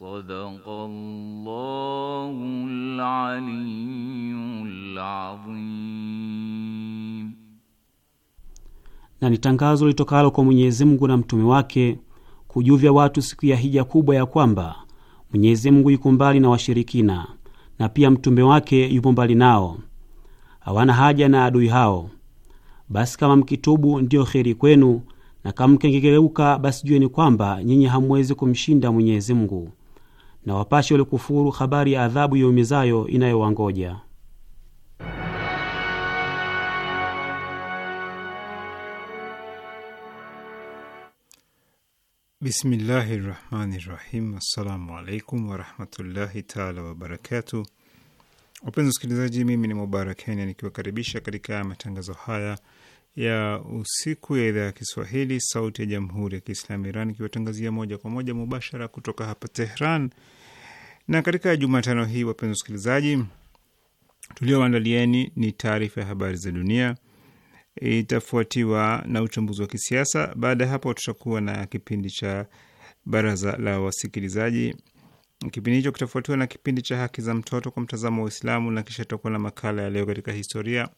Na ni tangazo litokalo kwa Mwenyezi Mungu na mtume wake kujuvya watu siku ya hija kubwa ya kwamba Mwenyezi Mungu yuko mbali na washirikina na pia mtume wake yupo mbali nao, hawana haja na adui hao. Basi kama mkitubu ndiyo kheri kwenu, na kama mkengegeuka, basi jueni kwamba nyinyi hamwezi kumshinda Mwenyezi Mungu na wapashe waliokufuru habari ya adhabu yaumizayo inayowangoja. Bismillahi rahmani rahim. Assalamu alaikum warahmatullahi taala wabarakatu. Wapenzi wasikilizaji, mimi ni Mubarak Kenya nikiwakaribisha katika matangazo haya ya usiku ya idhaa ya Kiswahili sauti ya jamhuri ya Kiislamu Iran ikiwatangazia moja kwa moja mubashara kutoka hapa Tehran. Na katika Jumatano hii, wapenzi wasikilizaji, tulioandalieni ni taarifa ya habari za dunia, itafuatiwa na uchambuzi wa kisiasa. Baada ya hapo, tutakuwa na kipindi cha baraza la wasikilizaji. Kipindi hicho kitafuatiwa na kipindi cha haki za mtoto kwa mtazamo wa Uislamu, na kisha tutakuwa na makala ya leo katika historia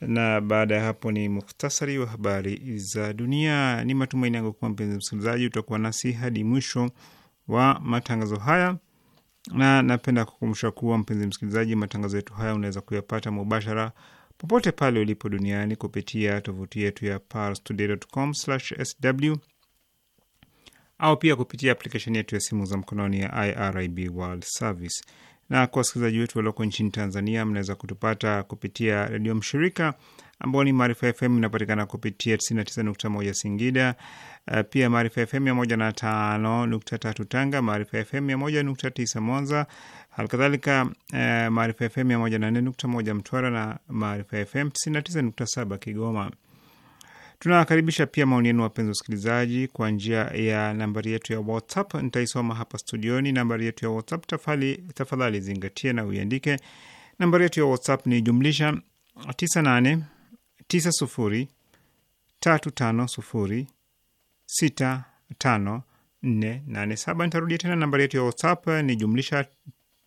na baada ya hapo ni muhtasari wa habari za dunia. Ni matumaini yangu kuwa mpenzi msikilizaji utakuwa nasi hadi mwisho wa matangazo haya, na napenda kukumbusha kuwa mpenzi msikilizaji, matangazo yetu haya unaweza kuyapata mubashara popote pale ulipo duniani kupitia tovuti yetu ya parstoday.com/sw au pia kupitia aplikesheni yetu ya simu za mkononi ya IRIB World Service na kwa wasikilizaji wetu walioko nchini Tanzania, mnaweza kutupata kupitia redio mshirika ambao ni Maarifa FM, inapatikana kupitia 99.1 Singida. Eh, pia Maarifa FM 105.3 Tanga, Maarifa FM 101.9 Mwanza, halikadhalika eh, Maarifa FM 104.1 Mtwara na Maarifa FM 99.7 Kigoma. Tunawakaribisha pia maoni yenu, wapenzi wasikilizaji, kwa njia ya nambari yetu ya WhatsApp. Nitaisoma hapa studioni. Nambari yetu ya WhatsApp tafadhali, tafadhali zingatie na uiandike. Nambari yetu ya WhatsApp ni jumlisha 98 Nitarudia tena, nambari yetu ya WhatsApp ni jumlisha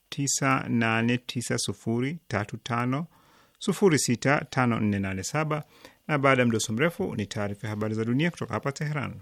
98 na baada ya mdoso mrefu ni taarifa ya habari za dunia kutoka hapa Teheran.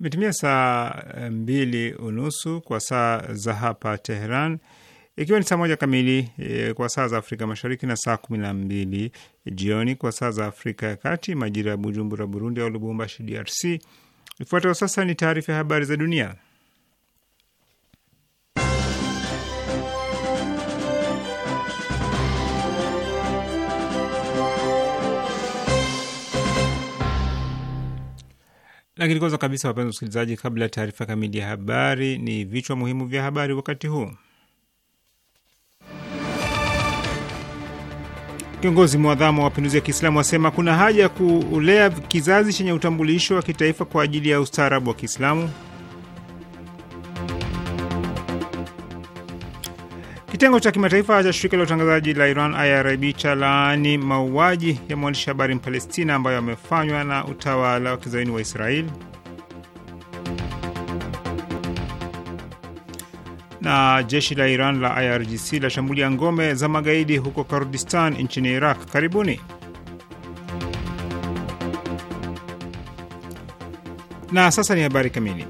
Imetimia saa eh, mbili unusu kwa saa za hapa Teheran ikiwa ni saa moja kamili e, kwa saa za Afrika Mashariki na saa kumi na mbili jioni kwa saa za Afrika ya Kati, majira ya Bujumbura Burundi au Lubumbashi DRC. Ifuatayo sasa ni taarifa ya habari za dunia, lakini kwanza kabisa, wapenzi wasikilizaji, kabla ya taarifa kamili ya habari, ni vichwa muhimu vya habari wakati huu. Kiongozi mwadhamu wa mapinduzi ya Kiislamu asema kuna haja ya kulea kizazi chenye utambulisho wa kitaifa kwa ajili ya ustaarabu wa Kiislamu. Kitengo cha kimataifa cha shirika la utangazaji la Iran IRIB cha laani mauaji ya mwandishi habari Mpalestina ambayo amefanywa na utawala wa kizaini wa Israeli. na jeshi la Iran la IRGC la shambulia ngome za magaidi huko Kurdistan nchini Iraq. Karibuni. Na sasa ni habari kamili.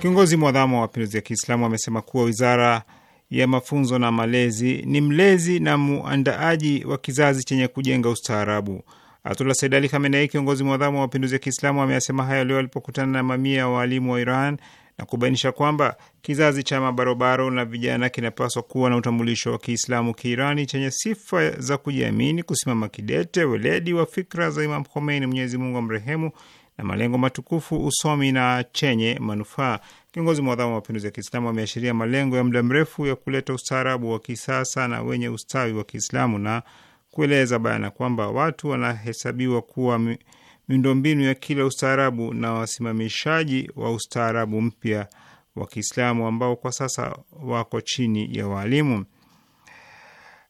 Kiongozi mwadhamu wa mapinduzi ya Kiislamu amesema kuwa wizara ya mafunzo na malezi ni mlezi na muandaaji wa kizazi chenye kujenga ustaarabu. Ayatullah Sayyid Ali Khamenei, kiongozi mwadhamu wa mapinduzi ya Kiislamu, ameyasema hayo leo alipokutana na mamia ya waalimu wa Iran na kubainisha kwamba kizazi cha mabarobaro na vijana kinapaswa kuwa na utambulisho wa Kiislamu Kiirani chenye sifa za kujiamini, kusimama kidete, weledi wa fikra za Imam Khomeini, Mwenyezi Mungu amrehemu, na malengo matukufu, usomi na chenye manufaa. Kiongozi mwadhamu wa mapinduzi ya Kiislamu ameashiria malengo ya muda mrefu ya kuleta ustaarabu wa kisasa na wenye ustawi wa Kiislamu na kueleza bayana kwamba watu wanahesabiwa kuwa miundombinu ya kila ustaarabu na wasimamishaji wa ustaarabu mpya wa Kiislamu ambao kwa sasa wako chini ya waalimu.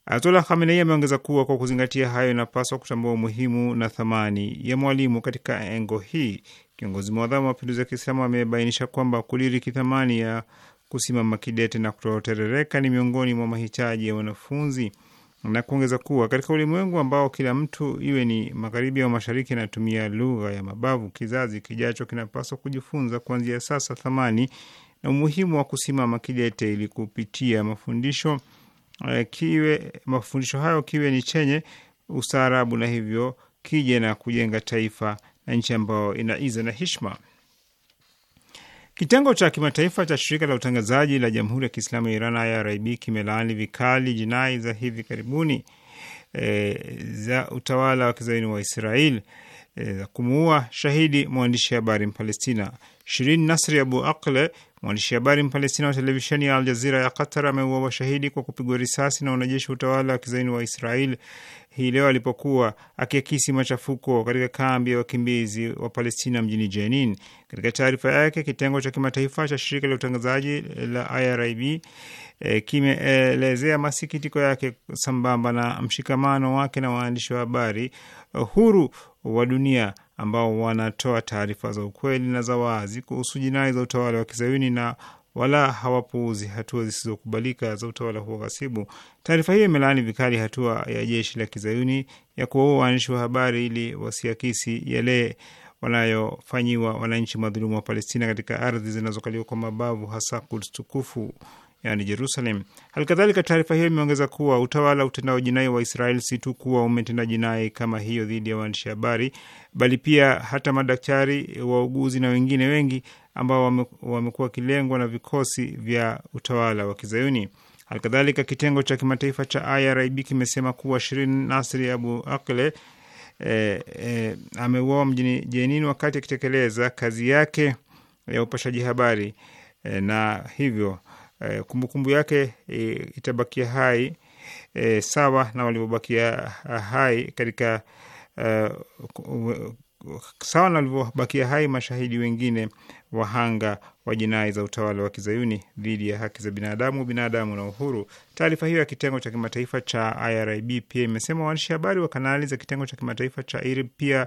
Ayatollah Khamenei ameongeza kuwa kwa kuzingatia hayo, inapaswa kutambua umuhimu na thamani ya mwalimu katika engo hii. Kiongozi mwadhamu wa mapinduzi ya Kiislamu amebainisha kwamba kuliriki thamani ya kusimama kidete na kutoterereka ni miongoni mwa mahitaji ya wanafunzi na kuongeza kuwa katika ulimwengu ambao kila mtu iwe ni magharibi au mashariki anatumia lugha ya mabavu, kizazi kijacho kinapaswa kujifunza kuanzia sasa thamani na umuhimu wa kusimama kidete ili kupitia mafundisho eh, kiwe mafundisho hayo kiwe ni chenye ustaarabu na hivyo kije na kujenga taifa na nchi ambayo ina iza na heshima. Kitengo cha kimataifa cha shirika la utangazaji la Jamhuri ya Kiislamu ya Iran, IRIB, kimelaani vikali jinai za hivi karibuni e, za utawala wa kizaini wa Israel e, za kumuua shahidi mwandishi habari Mpalestina Shirin Nasri Abu Akle. Mwandishi habari Mpalestina wa televisheni ya Al Jazira ya Qatar ameuawa shahidi kwa kupigwa risasi na wanajeshi wa utawala wa kizaini wa Israel hii leo alipokuwa akiakisi machafuko katika kambi ya wakimbizi wa Palestina mjini Jenin. Katika taarifa yake, kitengo cha kimataifa cha shirika la utangazaji la IRIB e, eh, kimeelezea masikitiko yake sambamba na mshikamano wake na waandishi wa habari eh, huru wa dunia ambao wanatoa taarifa za ukweli na za wazi kuhusu jinai za utawala wa kizayuni na wala hawapuuzi hatua zisizokubalika za utawala huo ghasibu. Taarifa hiyo imelaani vikali hatua ya jeshi la kizayuni ya kuwaua waandishi wa habari ili wasiakisi yale wanayofanyiwa wananchi madhulumu wa Palestina katika ardhi zinazokaliwa kwa mabavu, hasa Kuds tukufu yani Jerusalem. Halikadhalika, taarifa hiyo imeongeza kuwa utawala utendao jinai wa Israel si tu kuwa umetenda jinai kama hiyo dhidi ya waandishi habari, bali pia hata madaktari, wauguzi na wengine wengi ambao wamekuwa wakilengwa na vikosi vya utawala wa Kizayuni. Halikadhalika, kitengo cha kimataifa cha IRIB kimesema kuwa Shirin Nasri Abu Akle eh, eh, ameuawa mjini Jenin wakati akitekeleza kazi yake ya upashaji habari eh, na hivyo Eh, kumbukumbu kumbu yake e, itabakia hai e, sawa na walivyobakia ah, hai katika e, sawa na walivyobakia hai mashahidi wengine wahanga wa jinai za utawala wa kizayuni dhidi ya haki za binadamu, binadamu na uhuru. Taarifa hiyo ya kitengo cha kimataifa cha IRIB pia imesema waandishi habari wa kanali za kitengo cha kimataifa cha IRIB pia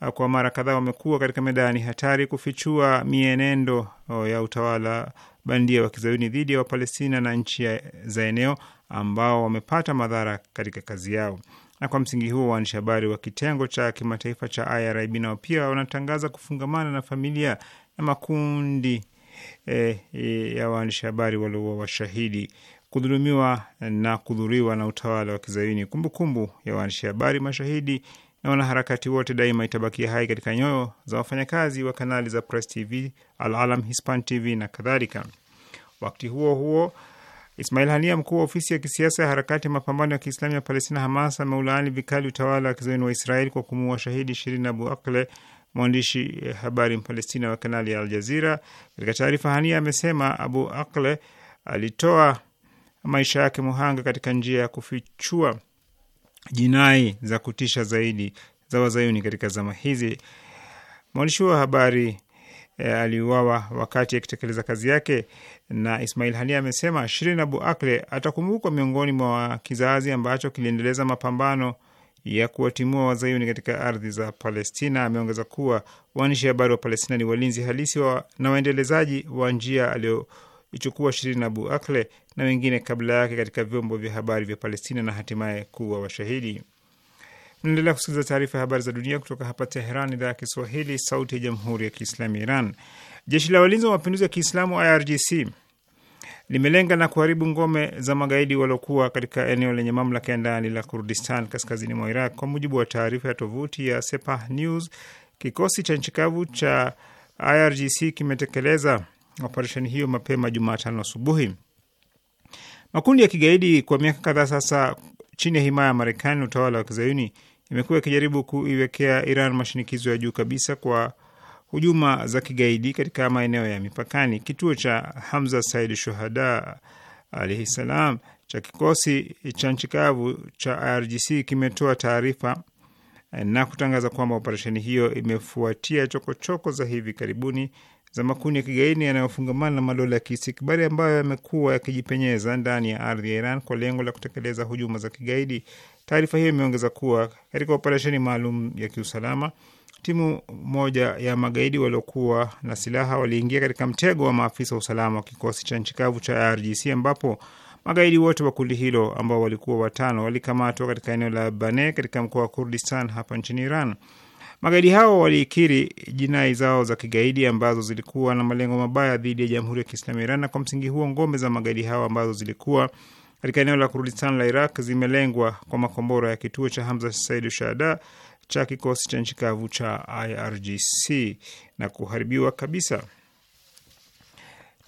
ah, kwa mara kadhaa wamekuwa katika medani hatari kufichua mienendo oh, ya utawala bandia wa kizayuni dhidi ya Wapalestina na nchi za eneo ambao wamepata madhara katika kazi yao. Na kwa msingi huo waandishi habari wa kitengo cha kimataifa cha IRIB nao pia wanatangaza kufungamana na familia na makundi e, e, ya waandishi habari waliua washahidi, kudhulumiwa na kudhuriwa na utawala wa kizayuni. Kumbukumbu kumbu ya waandishi habari mashahidi na wanaharakati wote daima itabakia hai katika nyoyo za wafanyakazi wa kanali za Press TV, Al Alam, Hispan TV na kadhalika. Wakati huo huo, Ismail Hania, mkuu wa ofisi ya kisiasa ya harakati ya mapambano ya Kiislamu ya Palestina, Hamas, ameulaani vikali utawala wa kizayuni wa Israel kwa kumuua shahidi Shirin Abu Akle, mwandishi eh, habari Mpalestina wa kanali ya Aljazira. Katika taarifa, Hania amesema Abu Akle alitoa maisha yake muhanga katika njia ya kufichua jinai za kutisha zaidi za wazayuni katika zama hizi. Mwandishi wa habari e, aliuawa wakati akitekeleza ya kazi yake, na Ismail Hania amesema Shirin Abu Akle atakumbukwa miongoni mwa kizazi ambacho kiliendeleza mapambano ya kuwatimua wazayuni katika ardhi za Palestina. Ameongeza kuwa waandishi habari wa Palestina ni walinzi halisi wa, na waendelezaji wa njia aliyo kuichukua Shirin Abu Akle na wengine kabla yake katika vyombo vya habari vya Palestina na hatimaye kuwa washahidi. Mnaendelea kusikiliza taarifa ya habari za dunia kutoka hapa Teheran, idhaa ya Kiswahili, sauti ya jamhuri ya kiislamu ya Iran. Jeshi la walinzi wa mapinduzi ya Kiislamu IRGC limelenga na kuharibu ngome za magaidi waliokuwa katika eneo lenye mamlaka ya ndani la Kurdistan kaskazini mwa Iraq. Kwa mujibu wa taarifa ya tovuti ya Sepah News, kikosi cha nchi kavu cha IRGC kimetekeleza operesheni hiyo mapema Jumatano asubuhi. Makundi ya kigaidi kwa miaka kadhaa sasa chini ya himaya ya Marekani, utawala wa kizayuni imekuwa ikijaribu kuiwekea Iran mashinikizo ya juu kabisa kwa hujuma za kigaidi katika maeneo ya mipakani. Kituo cha Hamza Said Shuhada alaihi salam cha kikosi cha nchi kavu cha IRGC kimetoa taarifa na kutangaza kwamba operesheni hiyo imefuatia chokochoko choko za hivi karibuni za makundi ya kigaini yanayofungamana na madola ya kiistikbari ambayo yamekuwa yakijipenyeza ndani ya ardhi ya Iran kwa lengo la kutekeleza hujuma za kigaidi. Taarifa hiyo imeongeza kuwa katika operesheni maalum ya kiusalama, timu moja ya magaidi waliokuwa na silaha waliingia katika mtego wa maafisa wa usalama wa kikosi cha nchi kavu cha IRGC ambapo magaidi wote wa kundi hilo ambao walikuwa watano walikamatwa katika eneo la Bane katika mkoa wa Kurdistan hapa nchini Iran. Magaidi hao walikiri jinai zao za kigaidi ambazo zilikuwa na malengo mabaya dhidi ya Jamhuri ya Kiislamu ya Iran, na kwa msingi huo ngome za magaidi hao ambazo zilikuwa katika eneo la Kurdistan la Iraq zimelengwa kwa makombora ya kituo cha Hamza Said Shahada cha kikosi cha nchi kavu cha IRGC na kuharibiwa kabisa.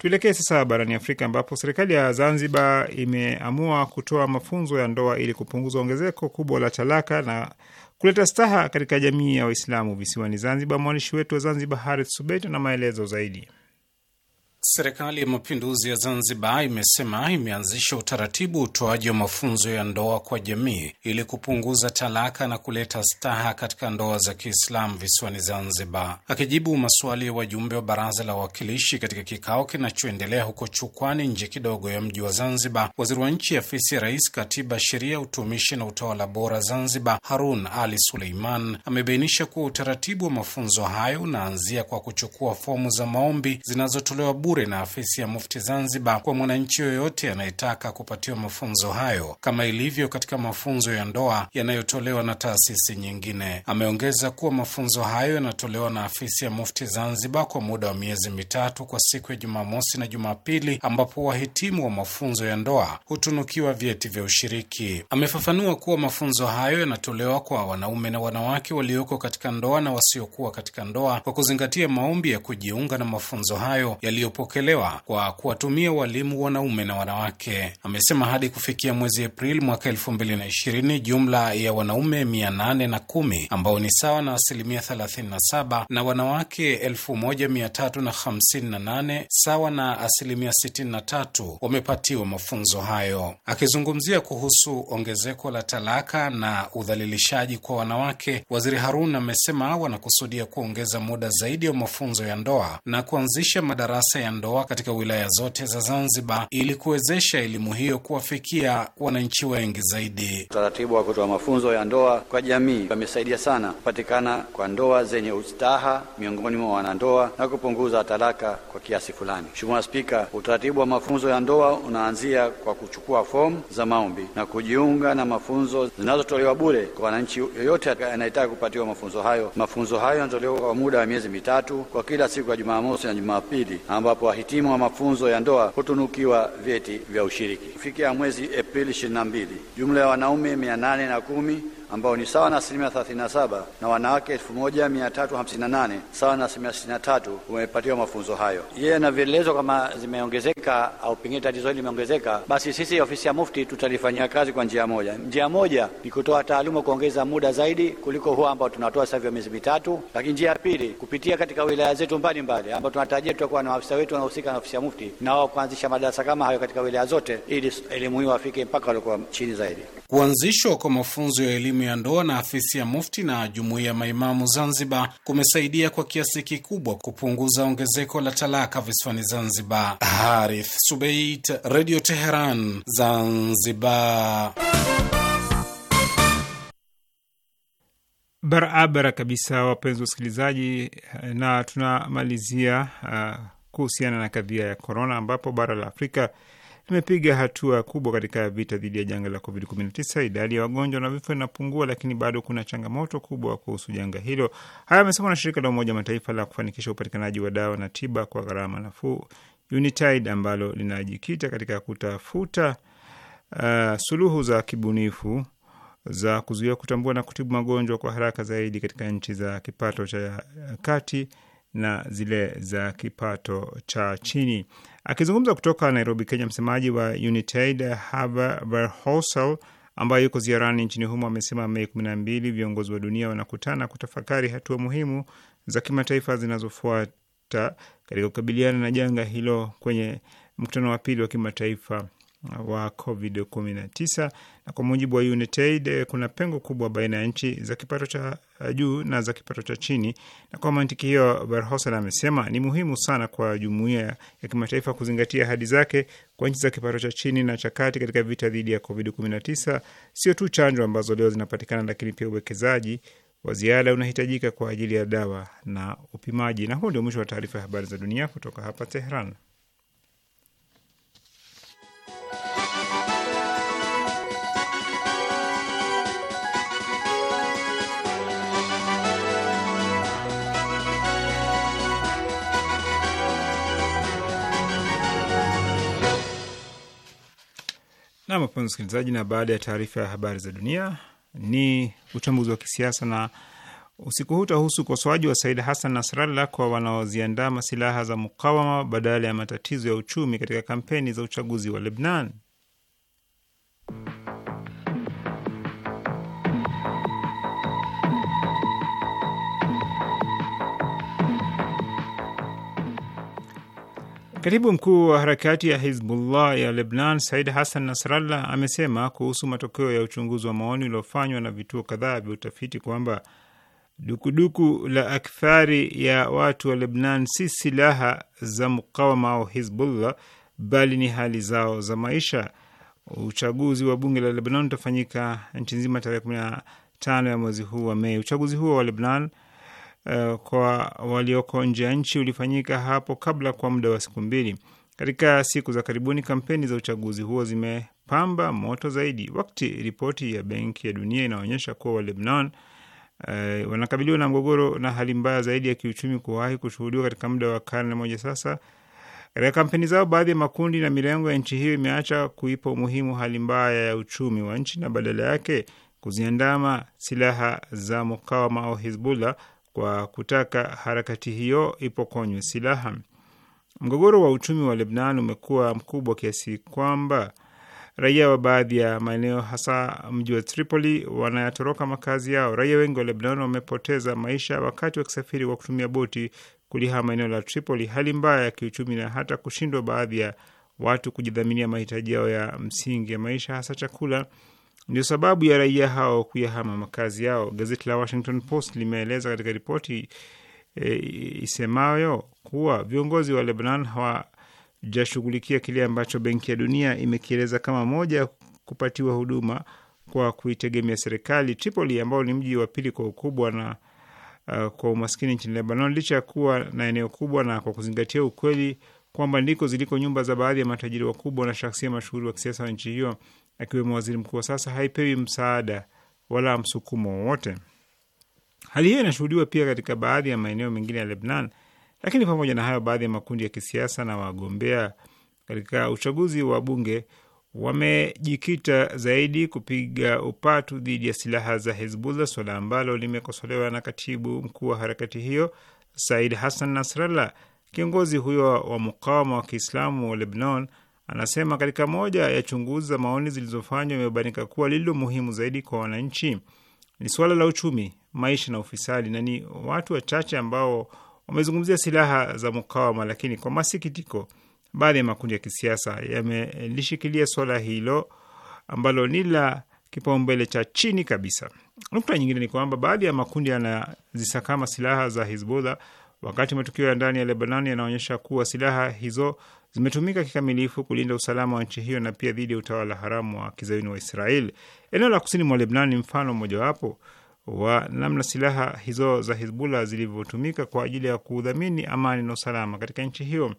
Tuelekee sasa barani Afrika ambapo serikali ya Zanzibar imeamua kutoa mafunzo ya ndoa ili kupunguza ongezeko kubwa la talaka na kuleta staha katika jamii ya Waislamu visiwani Zanzibar. Mwandishi wetu wa Zanzibar Harith Subet na maelezo zaidi. Serikali ya Mapinduzi ya Zanzibar imesema imeanzisha utaratibu wa utoaji wa mafunzo ya ndoa kwa jamii ili kupunguza talaka na kuleta staha katika ndoa za Kiislamu visiwani Zanzibar. Akijibu maswali ya wajumbe wa Baraza la Wawakilishi katika kikao kinachoendelea huko Chukwani, nje kidogo ya mji wa Zanzibar, waziri wa nchi afisi ya Rais, Katiba, Sheria, Utumishi na Utawala Bora Zanzibar, Harun Ali Suleiman amebainisha kuwa utaratibu wa mafunzo hayo unaanzia kwa kuchukua fomu za maombi zinazotolewa bure na afisi ya Mufti Zanzibar kwa mwananchi yoyote anayetaka kupatiwa mafunzo hayo kama ilivyo katika mafunzo ya ndoa yanayotolewa na taasisi nyingine. Ameongeza kuwa mafunzo hayo yanatolewa na afisi ya Mufti Zanzibar kwa muda wa miezi mitatu kwa siku ya Jumamosi na Jumapili, ambapo wahitimu wa mafunzo ya ndoa hutunukiwa vyeti vya ushiriki. Amefafanua kuwa mafunzo hayo yanatolewa kwa wanaume na wanawake walioko katika ndoa na wasiokuwa katika ndoa kwa kuzingatia maombi ya kujiunga na mafunzo hayo yaliyopo kupokelewa kwa kuwatumia walimu wanaume na wanawake. Amesema hadi kufikia mwezi Aprili mwaka ishirini jumla ya wanaume kumi ambao ni sawa na asilimia 37 na wanawake 1358 sawa na asilimia 63 wamepatiwa mafunzo hayo. Akizungumzia kuhusu ongezeko la talaka na udhalilishaji kwa wanawake, Waziri Harun amesema wanakusudia kuongeza muda zaidi wa mafunzo ya ndoa na kuanzisha madarasa ya ndoa katika wilaya zote za Zanzibar ili kuwezesha elimu hiyo kuwafikia wananchi wengi zaidi. Utaratibu wa kutoa mafunzo ya ndoa kwa jamii wamesaidia sana kupatikana kwa ndoa zenye ustaha miongoni mwa wanandoa na kupunguza talaka kwa kiasi fulani. Mheshimiwa Spika, utaratibu wa mafunzo ya ndoa unaanzia kwa kuchukua fomu za maombi na kujiunga na mafunzo zinazotolewa bure kwa wananchi yoyote anayetaka kupatiwa mafunzo hayo. Mafunzo hayo yanatolewa kwa muda wa miezi mitatu kwa kila siku ya Jumamosi na Jumapili ambapo wahitimu wa mafunzo ya ndoa hutunukiwa vyeti vya ushiriki. Kufikia mwezi Aprili 22, jumla ya wanaume 810 ambao ni sawa na asilimia 37 na wanawake 1358 sawa na asilimia 63 wamepatiwa mafunzo hayo. Yeye anavyoelezwa kama zimeongezeka au pengine tatizo hili limeongezeka, basi sisi ofisi ya Mufti tutalifanyia kazi kwa njia moja. Njia moja ni kutoa taaluma, kuongeza muda zaidi kuliko huo ambao tunatoa sasa hivi miezi mitatu, lakini njia ya pili kupitia katika wilaya zetu mbalimbali, ambao tunatarajia tutakuwa na maafisa wetu wanaohusika na ofisi ya Mufti na wao kuanzisha madarasa kama hayo katika wilaya zote, ili elimu hiyo afike mpaka waliokuwa chini zaidi. Kuanzishwa kwa mafunzo ya elimu elimu ya ndoa na afisi ya Mufti na jumuiya ya maimamu Zanzibar kumesaidia kwa kiasi kikubwa kupunguza ongezeko la talaka visiwani Zanzibar. Harith Subeit, Radio Teheran, Zanzibar. Barabara kabisa, wapenzi wasikilizaji, na tunamalizia uh, kuhusiana na kadhia ya korona ambapo bara la Afrika imepiga hatua kubwa katika vita dhidi ya janga la COVID-19. Idadi ya wagonjwa na vifo inapungua, lakini bado kuna changamoto kubwa kuhusu janga hilo. Haya amesema na shirika la Umoja Mataifa la kufanikisha upatikanaji wa dawa na tiba kwa gharama nafuu UNITAID ambalo linajikita katika kutafuta uh, suluhu za kibunifu za kuzuia, kutambua na kutibu magonjwa kwa haraka zaidi katika nchi za kipato cha kati na zile za kipato cha chini. Akizungumza kutoka Nairobi, Kenya, msemaji wa Unitaid Haber Verhosel ambayo yuko ziarani nchini humo amesema Mei kumi na mbili viongozi wa dunia wanakutana kutafakari hatua muhimu za kimataifa zinazofuata katika kukabiliana na janga hilo kwenye mkutano wa pili wa kimataifa wa Covid 19. Na kwa mujibu wa Unitaid, kuna pengo kubwa baina ya nchi za kipato cha Eh, juu na za kipato cha chini. Na kwa mantiki hiyo, Barhosan amesema ni muhimu sana kwa jumuiya ya kimataifa kuzingatia ahadi zake kwa nchi za kipato cha chini na cha kati katika vita dhidi ya COVID-19. Sio tu chanjo ambazo leo zinapatikana, lakini pia uwekezaji wa ziada unahitajika kwa ajili ya dawa na upimaji. Na huo ndio mwisho wa taarifa ya habari za dunia kutoka hapa Tehran. Nam wapenzi msikilizaji, na baada ya taarifa ya habari za dunia ni uchambuzi wa kisiasa, na usiku huu utahusu ukosoaji wa Said Hassan Nasrallah kwa wanaoziandama silaha za mukawama badala ya matatizo ya uchumi katika kampeni za uchaguzi wa Lebnan. Katibu mkuu wa harakati ya Hizbullah ya Lebnan, Said Hassan Nasrallah, amesema kuhusu matokeo ya uchunguzi wa maoni uliofanywa na vituo kadhaa vya utafiti kwamba dukuduku la akthari ya watu wa Lebnan si silaha za mukawama au Hizbullah bali ni hali zao za maisha. Uchaguzi wa bunge la Lebnan utafanyika nchi nzima tarehe 15 ya mwezi huu wa Mei. Uchaguzi huo wa Lebnan Eh, kwa walioko nje ya nchi ulifanyika hapo kabla kwa muda wa siku mbili. Katika siku za karibuni, kampeni za uchaguzi huo zimepamba moto zaidi, wakati ripoti ya Benki ya Dunia inaonyesha kuwa Walebnan uh, eh, wanakabiliwa na mgogoro na hali mbaya zaidi ya kiuchumi kuwahi kushuhudiwa katika muda wa karne moja sasa. Katika kampeni zao, baadhi ya makundi na mirengo ya nchi hiyo imeacha kuipa umuhimu hali mbaya ya uchumi wa nchi na badala yake kuziandama silaha za mukawama au Hizbullah kwa kutaka harakati hiyo ipokonywe silaha. Mgogoro wa uchumi wa Lebnan umekuwa mkubwa kiasi kwamba raia wa baadhi ya maeneo hasa mji wa Tripoli wanayatoroka makazi yao. Raia wengi wa Lebnan wamepoteza maisha wakati wakisafiri kwa kutumia boti kulihama eneo la Tripoli. Hali mbaya ya kiuchumi na hata kushindwa baadhi ya watu kujidhaminia mahitaji yao ya msingi ya maisha, hasa chakula, ndio sababu ya raia hao kuyahama makazi yao. Gazeti la Washington Post limeeleza katika ripoti e, isemayo kuwa viongozi wa Lebanon hawajashughulikia kile ambacho Benki ya Dunia imekieleza kama moja ya kupatiwa huduma kwa kuitegemea serikali. Tripoli ambao ni mji wa pili kwa ukubwa na uh, kwa umaskini nchini Lebanon, licha ya kuwa na eneo kubwa na kwa kuzingatia ukweli kwamba ndiko ziliko nyumba za baadhi ya matajiri wakubwa na shahsia mashuhuri wa kisiasa wa nchi hiyo akiwemo waziri mkuu wa sasa, haipewi msaada wala msukumo wowote. Hali hiyo inashuhudiwa pia katika baadhi ya maeneo mengine ya Lebnan. Lakini pamoja na hayo, baadhi ya makundi ya kisiasa na wagombea katika uchaguzi wa bunge wamejikita zaidi kupiga upatu dhidi ya silaha za Hezbullah, suala ambalo limekosolewa na katibu mkuu wa harakati hiyo Said Hassan Nasrallah. Kiongozi huyo wa mukawama wa Kiislamu wa Lebanon Anasema katika moja ya chunguzi za maoni zilizofanywa imebainika kuwa lililo muhimu zaidi kwa wananchi ni suala la uchumi, maisha na ufisadi, na ni watu wachache ambao wamezungumzia silaha za mukawama, lakini kwa masikitiko, baadhi ya makundi ya kisiasa yamelishikilia suala hilo ambalo ni la kipaumbele cha chini kabisa. Nukta nyingine ni kwamba baadhi ya makundi yanazisakama silaha za Hizbullah, wakati matukio ya ndani ya Lebanon yanaonyesha kuwa silaha hizo zimetumika kikamilifu kulinda usalama wa nchi hiyo na pia dhidi ya utawala haramu wa kizayuni wa Israel. Eneo la kusini mwa Lebnan ni mfano mmojawapo wa namna silaha hizo za Hizbullah zilivyotumika kwa ajili ya kudhamini amani na usalama katika nchi hiyo.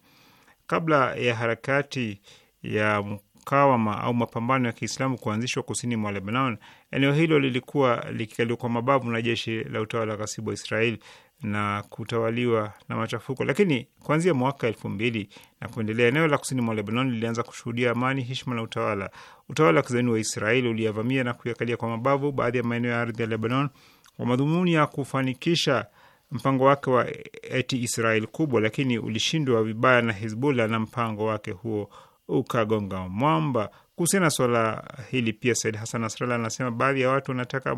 Kabla ya harakati ya mkawama au mapambano ya Kiislamu kuanzishwa kusini mwa Lebanon, eneo hilo lilikuwa likikaliwa kwa mabavu na jeshi la utawala wa kasibu wa israel na kutawaliwa na machafuko, lakini kuanzia mwaka elfu mbili na kuendelea eneo la kusini mwa Lebanon lilianza kushuhudia amani, hishma na utawala. Utawala wa kizayuni wa Israeli uliyavamia na kuyakalia kwa mabavu baadhi ya maeneo ya ardhi ya Lebanon kwa madhumuni ya kufanikisha mpango wake wa eti Israel kubwa, lakini ulishindwa vibaya na Hezbollah na mpango wake huo ukagonga mwamba. Kuhusiana na swala hili pia, Said Hasan Nasrallah anasema baadhi ya watu wanataka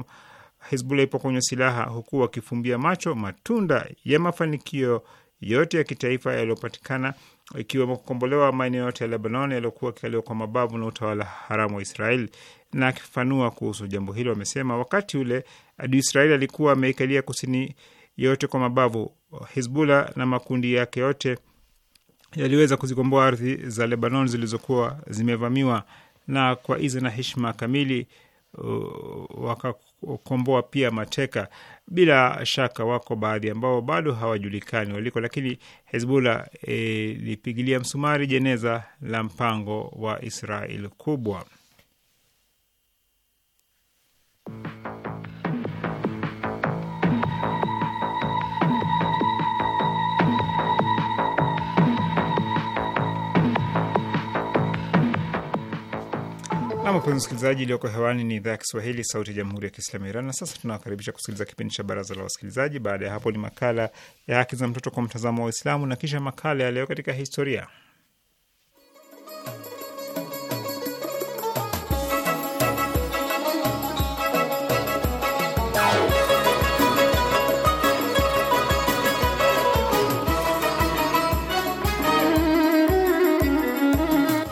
Hizbullah ipo kwenye silaha, huku wakifumbia macho matunda ya mafanikio yote ya kitaifa yaliyopatikana, ikiwemo kukombolewa maeneo yote ya Lebanon yaliyokuwa akikaliwa kwa mabavu na utawala haramu wa israel Na akifafanua kuhusu jambo hilo, amesema wakati ule adui Israel alikuwa ameikalia kusini yote kwa mabavu. Hizbullah na makundi yake yote yaliweza kuzikomboa ardhi za Lebanon zilizokuwa zimevamiwa, na kwa izi na heshima kamili uh, kukomboa pia mateka. Bila shaka wako baadhi ambao bado hawajulikani waliko, lakini Hezbollah eh, ilipigilia e, msumari jeneza la mpango wa Israel kubwa. Nam msikilizaji, iliyoko hewani ni idhaa ya Kiswahili sauti ya jamhuri ya kiislamu ya Iran. Na sasa tunawakaribisha kusikiliza kipindi cha baraza la wasikilizaji. Baada ya hapo ni makala ya haki za mtoto kwa mtazamo wa Uislamu na kisha makala ya leo katika historia.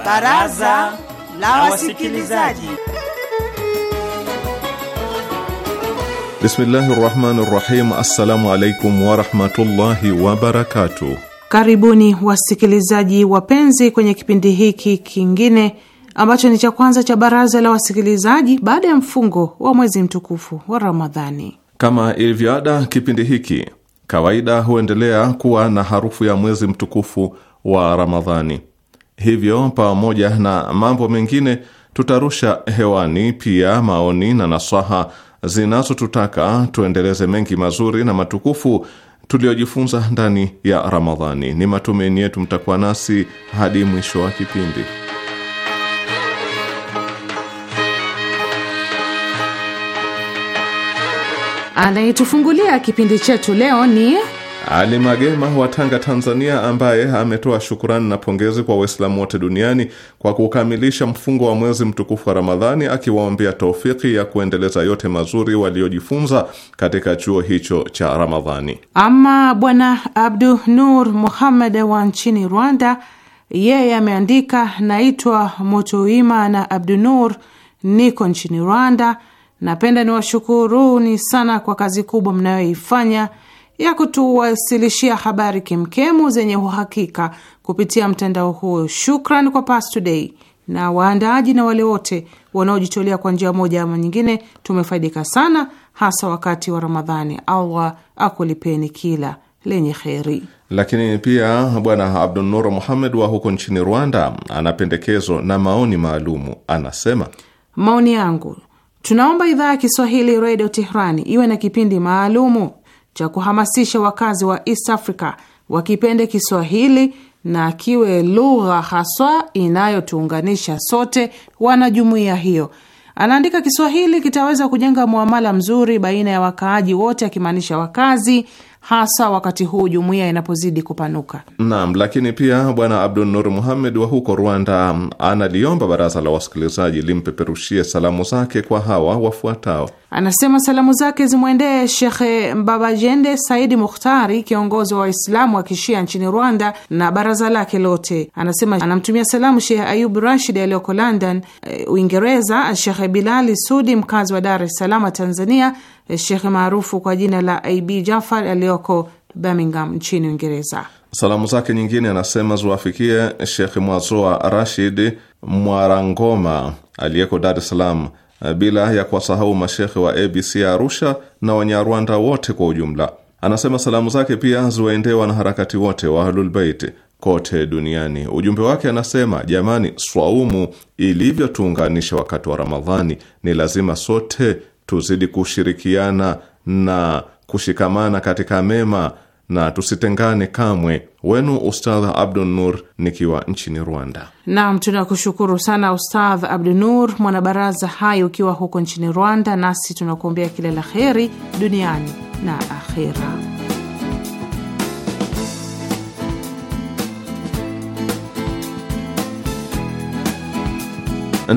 Baraza la wasikilizaji. Bismillahi rahmani rahim. Assalamu alaikum warahmatullahi Karibuni wasikilizaji wapenzi kwenye kipindi hiki kingine ambacho ni cha kwanza cha baraza la wasikilizaji baada ya mfungo wa mwezi mtukufu wa Ramadhani. Kama ilivyo ada, kipindi hiki kawaida huendelea kuwa na harufu ya mwezi mtukufu wa Ramadhani. Hivyo pamoja na mambo mengine, tutarusha hewani pia maoni na nasaha zinazotutaka tuendeleze mengi mazuri na matukufu tuliyojifunza ndani ya Ramadhani. Ni matumaini yetu mtakuwa nasi hadi mwisho wa kipindi. Anayetufungulia kipindi chetu leo ni ali Magema wa Tanga, Tanzania, ambaye ametoa shukurani na pongezi kwa Waislamu wote duniani kwa kukamilisha mfungo wa mwezi mtukufu wa Ramadhani, akiwaombea taufiki ya kuendeleza yote mazuri waliojifunza katika chuo hicho cha Ramadhani. Ama Bwana Abdu Nur Muhammad wa nchini Rwanda, yeye ameandika, naitwa Motoima na Abdu Nur, niko nchini Rwanda. Napenda niwashukuruni sana kwa kazi kubwa mnayoifanya ya kutuwasilishia habari kemkemu zenye uhakika kupitia mtandao huo. Shukran kwa Pastoday na waandaaji na wale wote wanaojitolea kwa njia moja ama nyingine. Tumefaidika sana, hasa wakati wa Ramadhani. Allah akulipeni kila lenye heri. Lakini pia Bwana Abdunur Muhamed wa huko nchini Rwanda ana pendekezo na maoni maalumu. Anasema, maoni yangu, tunaomba idhaa ya Kiswahili Redio Tehrani iwe na kipindi maalumu cha kuhamasisha wakazi wa East Africa wakipende Kiswahili na kiwe lugha haswa inayotuunganisha sote wanajumuiya hiyo. Anaandika, Kiswahili kitaweza kujenga muamala mzuri baina ya wakaaji wote, akimaanisha wakazi hasa wakati huu jumuiya inapozidi kupanuka. Naam, lakini pia Bwana Abdul Nur Muhamed wa huko Rwanda um, analiomba baraza la wasikilizaji limpeperushie salamu zake kwa hawa wafuatao. Anasema salamu zake zimwendee Shekhe Mbabajende Saidi Mukhtari, kiongozi wa Waislamu wa Kishia nchini Rwanda na baraza lake lote. Anasema anamtumia salamu Shekhe Ayub Rashid aliyoko London, eh, Uingereza, Shekhe Bilali Sudi, mkazi wa Dar es Salaam, Tanzania, Eh, shekhe maarufu kwa jina la Ib Jafar aliyoko Birmingham nchini Uingereza. Salamu zake nyingine anasema ziwafikie Shekhe Mwazoa Rashid Mwarangoma aliyeko Dar es Salaam, eh, bila ya kuwasahau mashekhe wa ABC Arusha na Wanyarwanda wote kwa ujumla. Anasema salamu zake pia ziwaendee wanaharakati wote wa Ahlulbeiti kote duniani. Ujumbe wake anasema, jamani, swaumu ilivyotuunganisha wakati wa Ramadhani ni lazima sote tuzidi kushirikiana na kushikamana katika mema na tusitengane kamwe. Wenu Ustadh Abdu Nur nikiwa nchini Rwanda. Naam, tunakushukuru sana Ustadh Abdu Nur, mwanabaraza hai, ukiwa huko nchini Rwanda, nasi tunakuombea kila la heri duniani na akhera.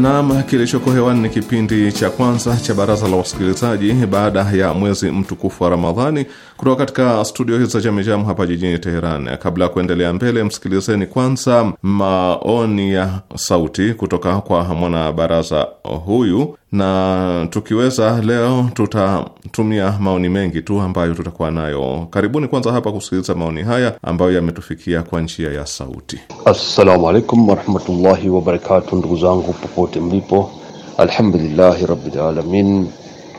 Naam, kilichoko hewani ni kipindi cha kwanza cha baraza la wasikilizaji baada ya mwezi mtukufu wa Ramadhani kutoka katika studio hizi za jamijamu hapa jijini Teheran. Kabla ya kuendelea mbele, msikilizeni kwanza maoni ya sauti kutoka kwa mwanabaraza huyu na tukiweza leo tutatumia maoni mengi tu ambayo tutakuwa nayo. Karibuni kwanza hapa kusikiliza maoni haya ambayo yametufikia kwa njia ya sauti. Assalamu alaikum warahmatullahi wabarakatu, ndugu zangu popote mlipo, alhamdulillahi rabbil alamin.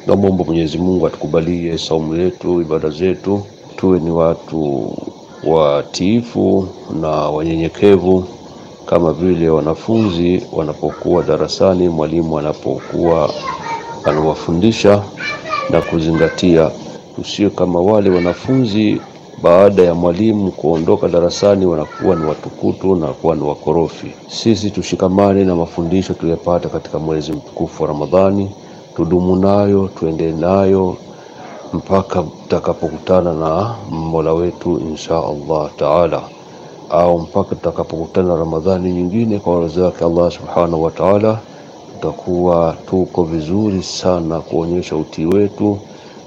Namwomba Mwenyezi Mungu atukubalie saumu yetu, ibada zetu, tuwe ni watu watiifu na wanyenyekevu kama vile wanafunzi wanapokuwa darasani, mwalimu anapokuwa anawafundisha na kuzingatia. Tusio kama wale wanafunzi baada ya mwalimu kuondoka darasani wanakuwa ni watukutu na kuwa ni wakorofi. Sisi tushikamane na mafundisho tuliyopata katika mwezi mtukufu wa Ramadhani, tudumu nayo, tuende nayo mpaka tutakapokutana na Mola wetu insha Allah taala au mpaka tutakapokutana Ramadhani nyingine kwa uwezo wake Allah subhanahu wa ta'ala, tutakuwa tuko vizuri sana kuonyesha utii wetu